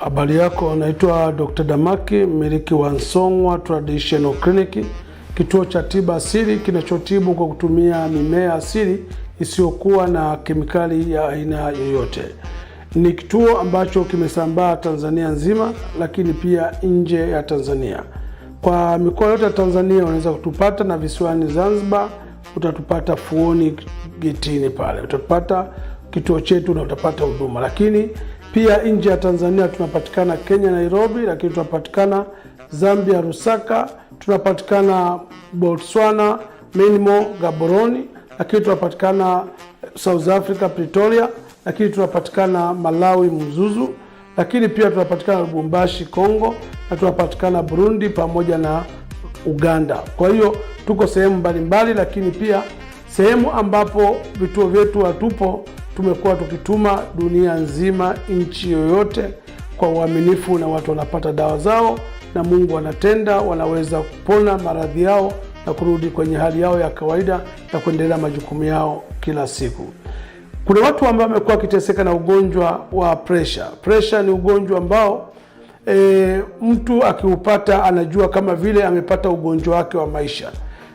Habari yako, naitwa Dr. Damaki, mmiliki wa Song'wa Traditional Clinic, kituo cha tiba asili kinachotibu kwa kutumia mimea asili isiyokuwa na kemikali ya aina yoyote. Ni kituo ambacho kimesambaa Tanzania nzima, lakini pia nje ya Tanzania. Kwa mikoa yote ya Tanzania unaweza kutupata, na visiwani Zanzibar utatupata Fuoni Getini, pale utapata kituo chetu na utapata huduma, lakini pia nje ya Tanzania tunapatikana Kenya, Nairobi, lakini tunapatikana Zambia, Lusaka, tunapatikana Botswana, Menimo, Gaboroni, lakini tunapatikana South Africa, Pretoria, lakini tunapatikana Malawi, Mzuzu, lakini pia tunapatikana Lubumbashi, Kongo, na tunapatikana Burundi pamoja na Uganda. Kwa hiyo tuko sehemu mbalimbali, lakini pia sehemu ambapo vituo vyetu hatupo tumekuwa tukituma dunia nzima, nchi yoyote, kwa uaminifu, na watu wanapata dawa zao, na Mungu anatenda, wanaweza kupona maradhi yao na kurudi kwenye hali yao ya kawaida na kuendelea majukumu yao kila siku. Kuna watu ambao wamekuwa wakiteseka na ugonjwa wa presha. Presha ni ugonjwa ambao e, mtu akiupata anajua kama vile amepata ugonjwa wake wa maisha,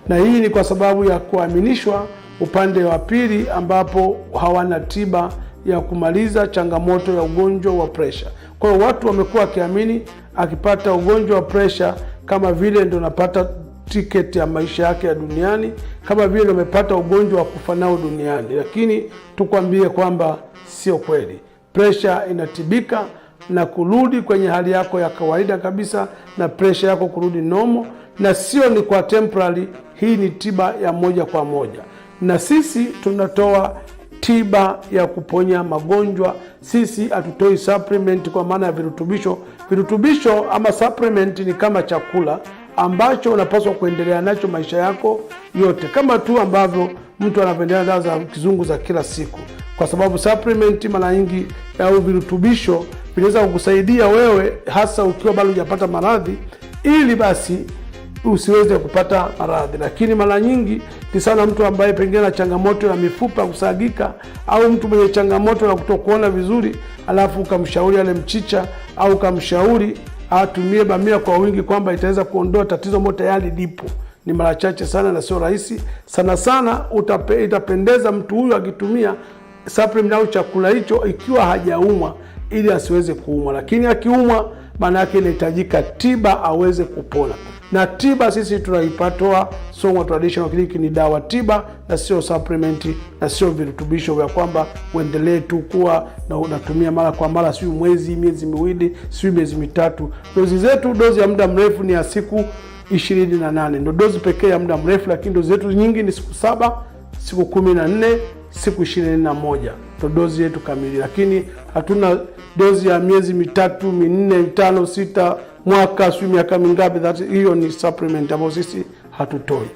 na hii ni kwa sababu ya kuaminishwa upande wa pili ambapo hawana tiba ya kumaliza changamoto ya ugonjwa wa presha. Kwa hiyo watu wamekuwa wakiamini akipata ugonjwa wa presha kama vile ndo napata tiketi ya maisha yake ya duniani, kama vile amepata ugonjwa wa kufa nao duniani. Lakini tukwambie kwamba sio kweli, presha inatibika na kurudi kwenye hali yako ya kawaida kabisa, na presha yako kurudi nomo, na sio ni kwa temporary. Hii ni tiba ya moja kwa moja na sisi tunatoa tiba ya kuponya magonjwa. Sisi hatutoi supplement kwa maana ya virutubisho. Virutubisho ama supplement ni kama chakula ambacho unapaswa kuendelea nacho maisha yako yote, kama tu ambavyo mtu anavyoendelea dawa za kizungu za kila siku, kwa sababu supplement mara nyingi au virutubisho vinaweza kukusaidia wewe, hasa ukiwa bado hujapata maradhi, ili basi usiweze kupata maradhi. Lakini mara nyingi ni sana mtu ambaye pengine na changamoto ya mifupa kusagika au mtu mwenye changamoto ya kutokuona vizuri, alafu ukamshauri ale mchicha au ukamshauri atumie bamia kwa wingi, kwamba itaweza kuondoa tatizo ambalo tayari lipo. Ni mara chache sana na sio rahisi sana sana. Utape, itapendeza mtu huyu akitumia supplement au chakula hicho ikiwa hajaumwa, ili asiweze kuumwa, lakini akiumwa maana yake inahitajika tiba aweze kupona na tiba sisi tunaipatoa Song'wa Traditional Clinic ni dawa tiba na sio supplement na sio virutubisho vya kwamba uendelee tu kuwa na unatumia mara kwa mara, siu mwezi, miezi miwili, siu miezi mitatu. Dozi zetu, dozi ya muda mrefu ni ya siku 28 na ndo dozi pekee ya muda mrefu, lakini dozi zetu nyingi ni siku saba, siku kumi na nne siku ishirini na moja ndo dozi yetu kamili, lakini hatuna dozi ya miezi mitatu, minne, mitano, sita mwaka sijui miaka mingapi. Hiyo ni supplement ambayo sisi hatutoi.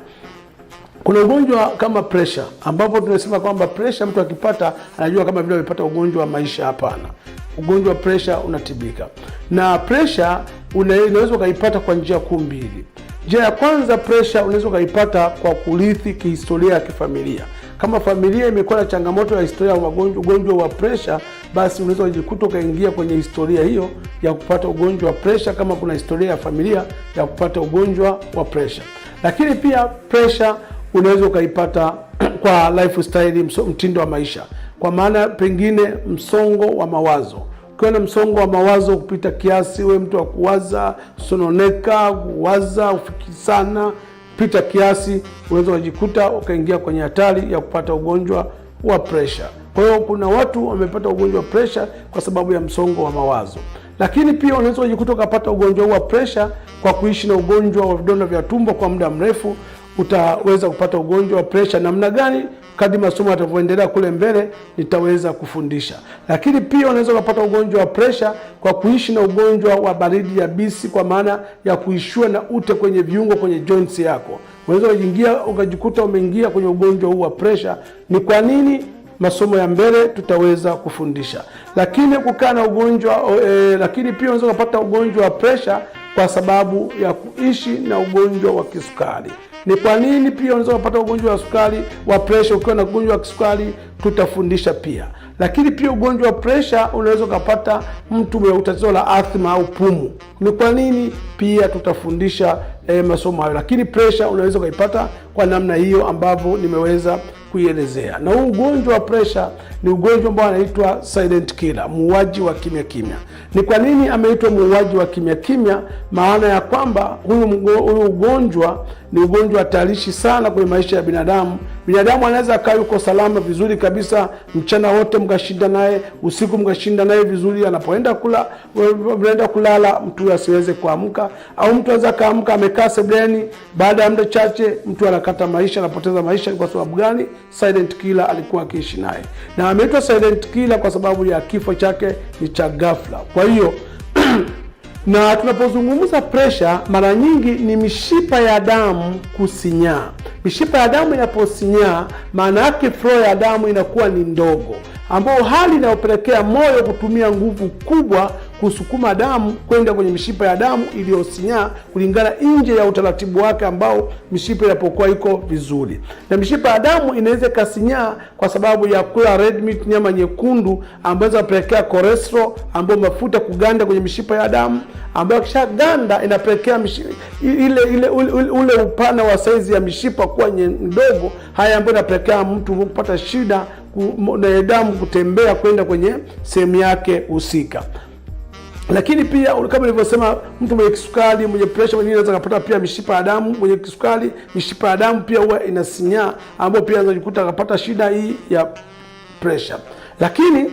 Kuna ugonjwa kama pressure, ambapo tunasema kwamba pressure mtu akipata anajua kama vile amepata ugonjwa wa maisha. Hapana, ugonjwa wa pressure unatibika, na pressure unaweza ukaipata kwa njia kuu mbili. Njia ya kwanza, pressure unaweza ukaipata kwa kurithi kihistoria ya kifamilia. Kama familia imekuwa na changamoto ya historia ya ugonjwa wa pressure basi unaweza kujikuta ukaingia kwenye historia hiyo ya kupata ugonjwa wa presha, kama kuna historia ya familia ya kupata ugonjwa wa presha. Lakini pia presha unaweza ukaipata kwa lifestyle, mtindo wa maisha, kwa maana pengine msongo wa mawazo ukiwa na msongo wa mawazo kupita kiasi, we mtu wa kuwaza, kusononeka, kuwaza ufiki sana kupita kiasi, unaweza ukajikuta ukaingia kwenye hatari ya kupata ugonjwa wa pressure. Kwa hiyo kuna watu wamepata ugonjwa wa presha kwa sababu ya msongo wa mawazo, lakini pia unaweza kujikuta ukapata ugonjwa huu wa presha kwa kuishi na ugonjwa wa vidonda vya tumbo kwa muda mrefu. Utaweza kupata ugonjwa wa presha namna gani? Kadi masomo yatavyoendelea kule mbele, nitaweza kufundisha. Lakini pia unaweza ukapata ugonjwa wa presha kwa kuishi na ugonjwa wa baridi ya bisi, kwa maana ya kuishiwa na ute kwenye viungo, kwenye joints yako. Unaweza ukajikuta umeingia kwenye ugonjwa huu wa presha. Ni kwa nini? masomo ya mbele tutaweza kufundisha, lakini kukaa na ugonjwa e, lakini pia unaweza kupata ugonjwa wa presha kwa sababu ya kuishi na ugonjwa wa kisukari. Ni kwa nini pia unaweza kupata ugonjwa wa sukari wa presha ukiwa na ugonjwa wa kisukari, tutafundisha pia. Lakini pia ugonjwa wa presha unaweza ukapata mtu mwenye tatizo la athma au pumu. Ni kwa nini pia tutafundisha e, masomo hayo. Lakini presha unaweza ukaipata kwa namna hiyo ambavyo nimeweza kuielezea. Na huu ugonjwa wa presha ni ugonjwa ambao anaitwa silent killer, muuaji wa kimya kimya. Ni kwa nini ameitwa muuaji wa kimya kimya? Maana ya kwamba huyu ugonjwa ni ugonjwa hatarishi sana kwenye maisha ya binadamu. Binadamu anaweza akaa yuko salama vizuri kabisa, mchana wote mkashinda naye, usiku mkashinda naye vizuri, anapoenda kula anaenda kulala, mtu asiweze kuamka, au mtu anaweza akaamka amekaa sebleni, baada ya muda chache mtu anakata maisha, anapoteza maisha. Kwa sababu gani? Silent killer alikuwa akiishi naye, na ameitwa silent killer kwa sababu ya kifo chake ni cha ghafla. Kwa hiyo Na tunapozungumza presha, mara nyingi ni mishipa ya damu kusinyaa. Mishipa ya damu inaposinyaa, maana yake flow ya damu inakuwa ni ndogo, ambao hali inayopelekea moyo kutumia nguvu kubwa kusukuma damu kwenda kwenye mishipa ya damu iliyosinyaa kulingana nje ya utaratibu wake ambao mishipa inapokuwa iko vizuri. Na mishipa ya damu inaweza ikasinyaa kwa sababu ya kula red meat, nyama nyekundu, ambayo inapelekea cholesterol, ambayo mafuta kuganda kwenye mishipa ya damu, ambayo kisha ganda inapelekea ile, ile, ule, ule upana wa saizi ya mishipa kuwa ndogo, haya ambayo inapelekea mtu kupata shida damu kutembea kwenda kwenye sehemu yake husika. Lakini pia kama nilivyosema, mtu mwenye kisukari, mwenye presha, mwenye anaweza kapata pia mishipa ya damu. Mwenye kisukari, mishipa ya damu pia huwa inasinyaa, ambayo pia anaweza akapata shida hii ya presha, lakini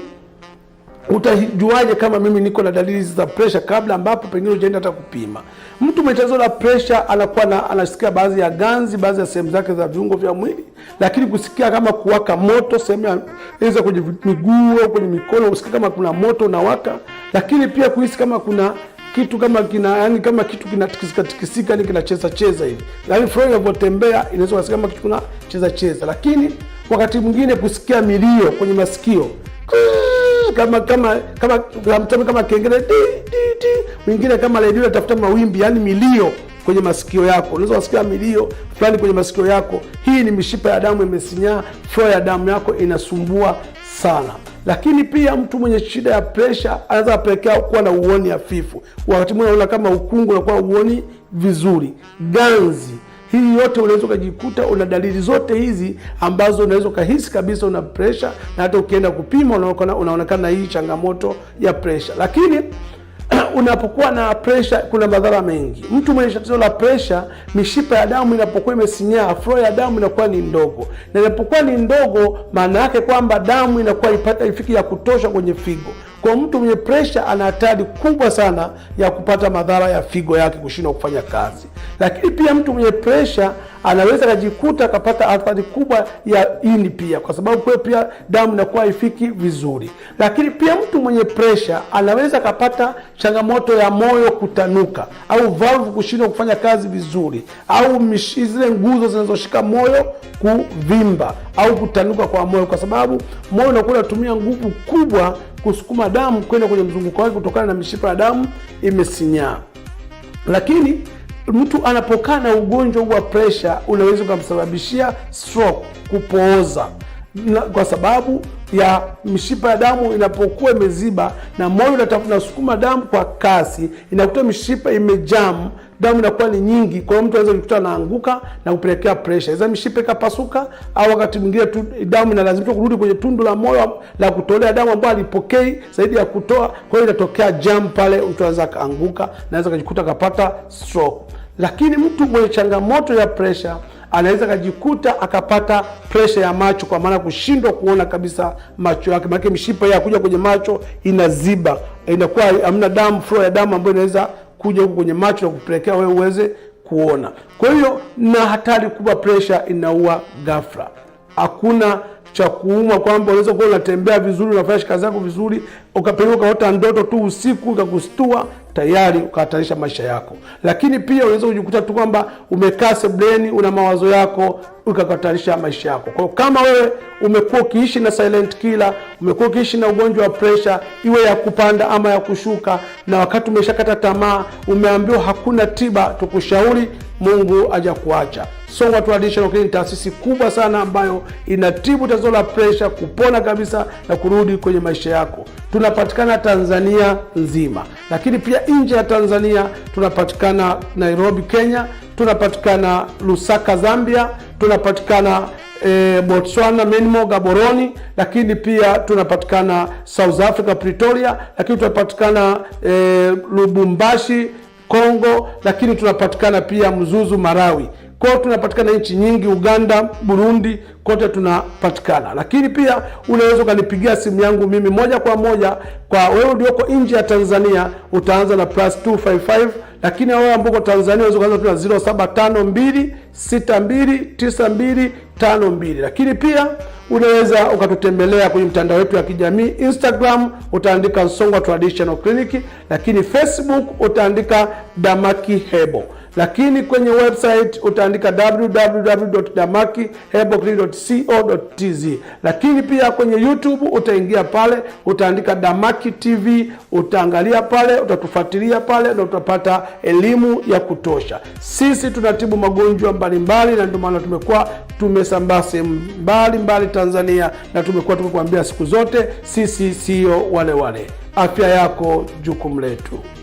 Utajuaje kama mimi niko na dalili za presha kabla, ambapo pengine hujaenda hata kupima? Mtu mwenye tatizo la presha anakuwa na, anasikia baadhi ya ganzi, baadhi ya sehemu zake za viungo vya mwili, lakini kusikia kama kuwaka moto sehemu inaweza kwenye miguu au kwenye mikono, usikia kama kuna moto unawaka, lakini pia kuhisi kama kuna kitu kama kina yani kama kitu kinatikisika tikisika, yani kinacheza cheza hivi, yani flow inavyotembea inaweza kusikia kama kitu kuna cheza cheza, lakini wakati mwingine kusikia milio kwenye masikio Kuu kama kama kama kama, kama kengele ti ti ti, mwingine kama redio atafuta mawimbi, yani milio kwenye masikio yako. Unaweza kusikia milio fulani kwenye masikio yako. Hii ni mishipa ya damu imesinyaa, flow ya damu yako inasumbua sana. Lakini pia mtu mwenye shida ya presha anaweza apelekea kuwa na uoni hafifu. Wakati mwingine unaona kama ukungu unakuwa uoni vizuri, ganzi hii yote unaweza ukajikuta una dalili zote hizi ambazo unaweza ukahisi kabisa una presha, na hata ukienda kupima unaonekana, unaonekana hii changamoto ya presha. Lakini unapokuwa na presha kuna madhara mengi. Mtu mwenye tatizo la presha, mishipa ya damu inapokuwa imesinyaa, flow ya damu inakuwa ni ndogo, na inapokuwa ni ndogo, maana yake kwamba damu inakuwa ipata ifiki ya kutosha kwenye figo kwa mtu mwenye presha, ana hatari kubwa sana ya kupata madhara ya figo yake kushindwa kufanya kazi. Lakini pia mtu mwenye presha anaweza akajikuta akapata athari kubwa ya ini pia, kwa sababu kwe pia damu inakuwa haifiki vizuri. Lakini pia mtu mwenye presha anaweza akapata changamoto ya moyo kutanuka au valvu kushindwa kufanya kazi vizuri, au zile nguzo zinazoshika moyo kuvimba au kutanuka kwa moyo, kwa sababu moyo unakuwa unatumia nguvu kubwa kusukuma damu kwenda kwenye mzunguko wake kutokana na mishipa ya damu imesinyaa. Lakini mtu anapokaa na ugonjwa huu wa presha unaweza ukamsababishia stroke, kupooza, kwa sababu ya mishipa ya damu inapokuwa imeziba na moyo unasukuma damu kwa kasi, inakuta mishipa imejamu, damu inakuwa ni nyingi, kwa hiyo mtu anaweza kukuta anaanguka na kupelekea presha, iza mishipa ikapasuka, au wakati mwingine damu inalazimishwa kurudi kwenye tundu la moyo la kutolea damu ambayo alipokei zaidi ya kutoa. Kwa hiyo inatokea jam pale, mtu anaweza akaanguka, naweza akajikuta akapata stroke. Lakini mtu mwenye changamoto ya presha anaweza akajikuta akapata presha ya macho, kwa maana kushindwa kuona kabisa macho yake, maanake mishipa kuja kwenye macho inaziba, inakuwa hamna damu, flow ya damu ambayo inaweza kuja huko kwenye macho na kupelekea wewe uweze kuona. Kwa hiyo na hatari kubwa, presha inaua ghafla, hakuna cha kuumwa, kwamba unaweza kuwa unatembea vizuri, unafanya shika zako vizuri, ukapeleka ukaota ndoto tu usiku ikakustua tayari ukahatarisha maisha yako. Lakini pia unaweza kujikuta tu kwamba umekaa sebleni, una mawazo yako ukakatarisha maisha yako. Kwa kama wewe umekuwa ukiishi na silent killer, umekuwa ukiishi na ugonjwa wa presha, iwe ya kupanda ama ya kushuka, na wakati umeshakata tamaa, umeambiwa hakuna tiba, tukushauri Mungu hajakuacha. Song'wa Traditional Clinic, taasisi kubwa sana ambayo inatibu tatizo la presha, kupona kabisa na kurudi kwenye maisha yako. Tunapatikana Tanzania nzima, lakini pia nje ya Tanzania tunapatikana Nairobi Kenya, tunapatikana Lusaka Zambia, tunapatikana E, Botswana Menmo Gaboroni, lakini pia tunapatikana South Africa Pretoria, lakini tunapatikana e, Lubumbashi congo lakini tunapatikana pia Mzuzu Marawi. Kwao tunapatikana nchi nyingi, Uganda, Burundi, kote tunapatikana. Lakini pia unaweza ukanipigia simu yangu mimi moja kwa moja. Kwa wewe ulioko nje ya Tanzania utaanza na plus 255, lakini wewe ambao Tanzania unaweza kuanza tu na 0752629252. Lakini pia unaweza ukatutembelea kwenye mtandao wetu wa kijamii Instagram, utaandika Song'wa Traditional Clinic, lakini Facebook utaandika Damaki Hebo lakini kwenye website utaandika www.damakihebokili.co.tz, lakini pia kwenye YouTube utaingia pale, utaandika Damaki TV, utaangalia pale, utatufuatilia pale na utapata elimu ya kutosha. Sisi tunatibu magonjwa mbalimbali, na ndio maana tumekuwa tumesambaa sehemu mbalimbali Tanzania, na tumekuwa tukikwambia siku zote sisi siyo walewale. Afya yako jukumu letu.